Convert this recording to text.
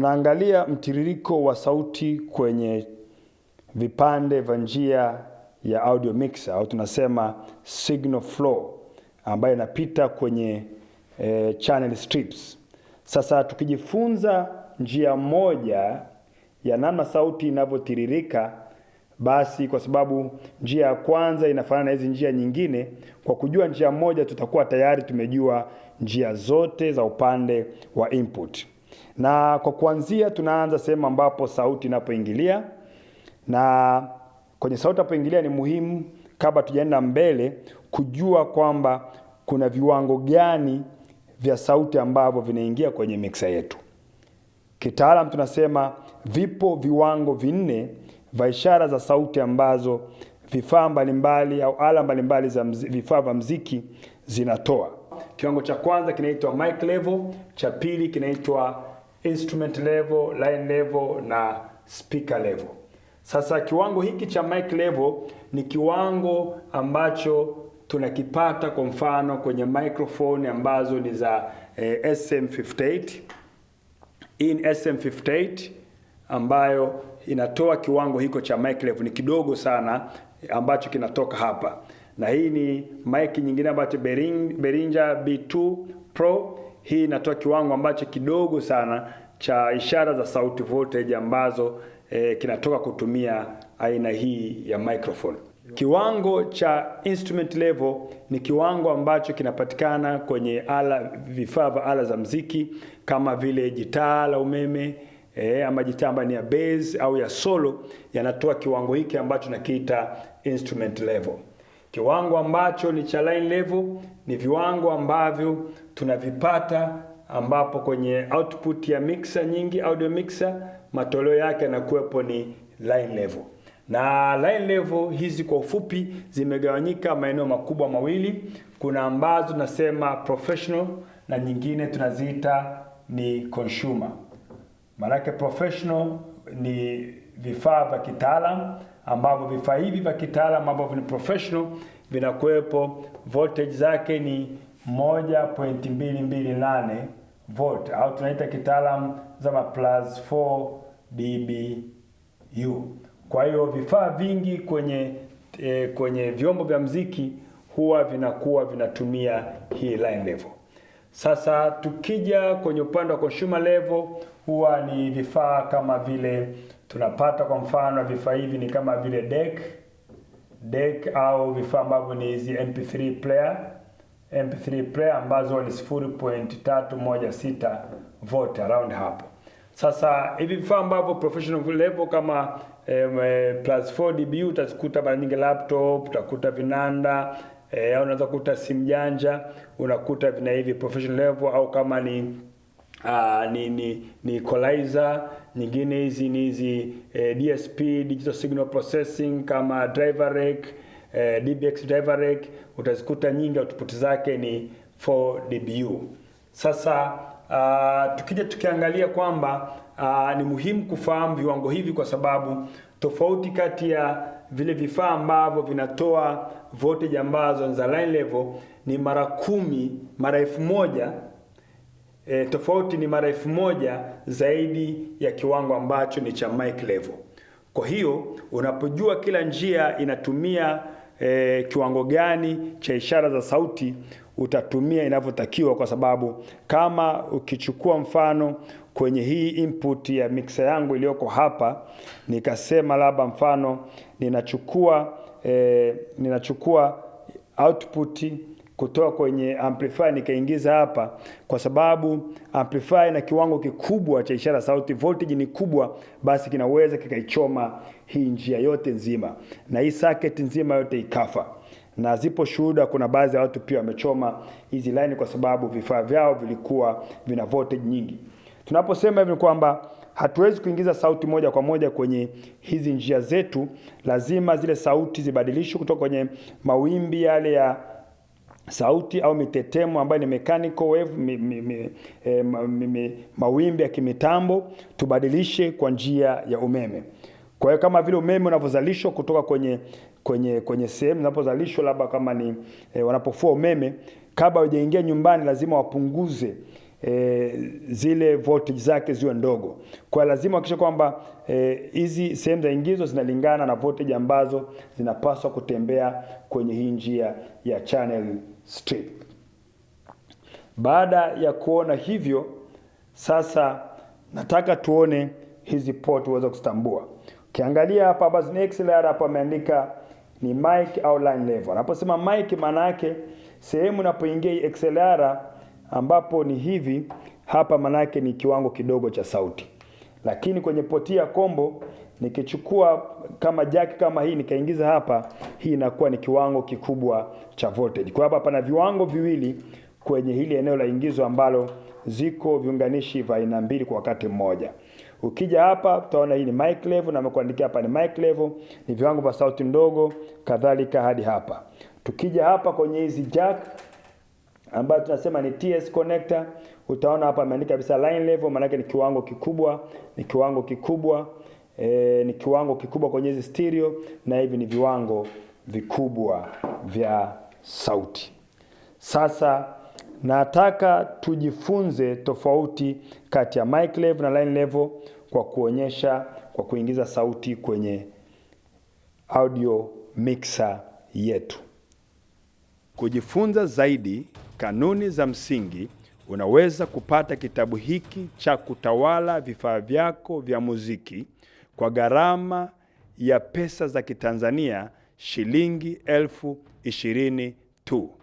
tunaangalia mtiririko wa sauti kwenye vipande vya njia ya audio mixer au tunasema signal flow ambayo inapita kwenye e, channel strips. Sasa tukijifunza njia moja ya namna sauti inavyotiririka, basi kwa sababu njia ya kwanza inafanana na hizi njia nyingine, kwa kujua njia moja tutakuwa tayari tumejua njia zote za upande wa input na kwa kuanzia tunaanza sehemu ambapo sauti inapoingilia, na kwenye sauti inapoingilia ni muhimu kabla tujaenda mbele kujua kwamba kuna viwango gani vya sauti ambavyo vinaingia kwenye mixer yetu. Kitaalam tunasema vipo viwango vinne vya ishara za sauti ambazo vifaa mbalimbali au ala mbalimbali za vifaa vya mziki zinatoa. Kiwango cha kwanza kinaitwa mic level, cha pili kinaitwa instrument level, line level na speaker level. Sasa kiwango hiki cha mic level ni kiwango ambacho tunakipata kwa mfano kwenye microphone ambazo ni za eh, SM58. Hii SM58 ambayo inatoa kiwango hiko cha mic level, ni kidogo sana ambacho kinatoka hapa, na hii ni mic nyingine ambacho Behringer B2 Pro hii inatoa kiwango ambacho kidogo sana cha ishara za sauti voltage ambazo eh, kinatoka kutumia aina hii ya microphone. Kiwango cha instrument level ni kiwango ambacho kinapatikana kwenye ala, vifaa vya ala za mziki kama vile jitaa la umeme eh, ama gitaa ambayo ni ya bass au ya solo yanatoa kiwango hiki ambacho nakiita instrument level. Kiwango ambacho ni cha line level ni viwango ambavyo tunavipata ambapo kwenye output ya mixer nyingi, audio mixer, matoleo yake yanakuwepo ni line level na line level hizi kwa ufupi zimegawanyika maeneo makubwa mawili. Kuna ambazo tunasema professional na nyingine tunaziita ni consumer. Maanake professional ni vifaa vya kitaalam, ambavyo vifaa hivi vya kitaalam ambavyo ni professional vinakuwepo voltage zake ni 1.228 volt au tunaita kitaalamu zama plus 4 dBu. Kwa hiyo vifaa vingi kwenye e, kwenye vyombo vya mziki huwa vinakuwa vinatumia hii line level. Sasa tukija kwenye upande wa consumer level huwa ni vifaa kama vile tunapata kwa mfano vifaa hivi ni kama vile deck deck au vifaa ambavyo ni hizi MP3 player MP3 player ambazo ni 0.316 volt around hapo. Sasa hivi vifaa ambavyo professional level kama um, plus 4 DBU utazikuta mara nyingi laptop, utakuta vinanda eh, au unaweza kukuta simu janja, unakuta vina hivi professional level au kama ni Uh, ni ni ni equalizer nyingine hizi ni hizi eh, DSP digital signal processing kama driver rack eh, DBX driver rake utazikuta nyingi output zake ni 4 dBu. Sasa uh, tukija tukiangalia kwamba uh, ni muhimu kufahamu viwango hivi kwa sababu tofauti kati ya vile vifaa ambavyo vinatoa voltage ambazo ni za line level ni mara kumi mara elfu moja e, tofauti ni mara elfu moja zaidi ya kiwango ambacho ni cha mic level. Kwa hiyo unapojua kila njia inatumia e, kiwango gani cha ishara za sauti utatumia inavyotakiwa, kwa sababu kama ukichukua mfano kwenye hii input ya mixer yangu iliyoko hapa, nikasema labda mfano ninachukua e, ninachukua output kutoa kwenye amplifier nikaingiza hapa, kwa sababu amplifier na kiwango kikubwa cha ishara sauti, voltage ni kubwa, basi kinaweza kikaichoma hii njia yote nzima na hii socket nzima yote ikafa. Na zipo shuhuda, kuna baadhi ya watu pia wamechoma hizi line kwa sababu vifaa vyao vilikuwa vina voltage nyingi. Tunaposema hivi kwamba hatuwezi kuingiza sauti moja kwa moja kwenye hizi njia zetu, lazima zile sauti zibadilishwe kutoka kwenye mawimbi yale ya sauti au mitetemo ambayo ni mechanical wave mi, mi, mi, eh, ma, mi, mi, mawimbi ya kimitambo tubadilishe kwa njia ya umeme. Kwa hiyo kama vile umeme unavyozalishwa kutoka kwenye, kwenye, kwenye sehemu zinapozalishwa labda kama ni eh, wanapofua umeme kabla hujaingia nyumbani lazima wapunguze e, zile voltage zake ziwe ndogo. Kwa lazima hakikisha kwamba eh, hizi e, sehemu za ingizo zinalingana na voltage ambazo zinapaswa kutembea kwenye hii njia ya channel strip. Baada ya kuona hivyo, sasa nataka tuone hizi port uweze kuzitambua. Ukiangalia hapa basi next layer hapa ameandika ni mic au line level. Anaposema mic maana yake sehemu inapoingia XLR ambapo ni hivi hapa, manake ni kiwango kidogo cha sauti, lakini kwenye poti ya kombo nikichukua kama jack kama hii nikaingiza hapa, hii inakuwa ni kiwango kikubwa cha voltage. Kwa hapa pana viwango viwili kwenye hili eneo la ingizo ambalo ziko viunganishi vya aina mbili kwa wakati mmoja. Ukija hapa utaona hii ni mic level, na nimekuandikia hapa ni mic level, ni viwango vya sauti ndogo, kadhalika hadi hapa. Tukija hapa kwenye hizi jack ambayo tunasema ni TS connector. Utaona hapa ameandika kabisa line level, maana ni kiwango kikubwa, ni kiwango kikubwa e, ni kiwango kikubwa kwenye hizi stereo, na hivi ni viwango vikubwa vya sauti. Sasa nataka tujifunze tofauti kati ya mic level na line level kwa kuonyesha, kwa kuingiza sauti kwenye audio mixer yetu. Kujifunza zaidi Kanuni za msingi, unaweza kupata kitabu hiki cha kutawala vifaa vyako vya muziki kwa gharama ya pesa za Kitanzania shilingi elfu ishirini tu.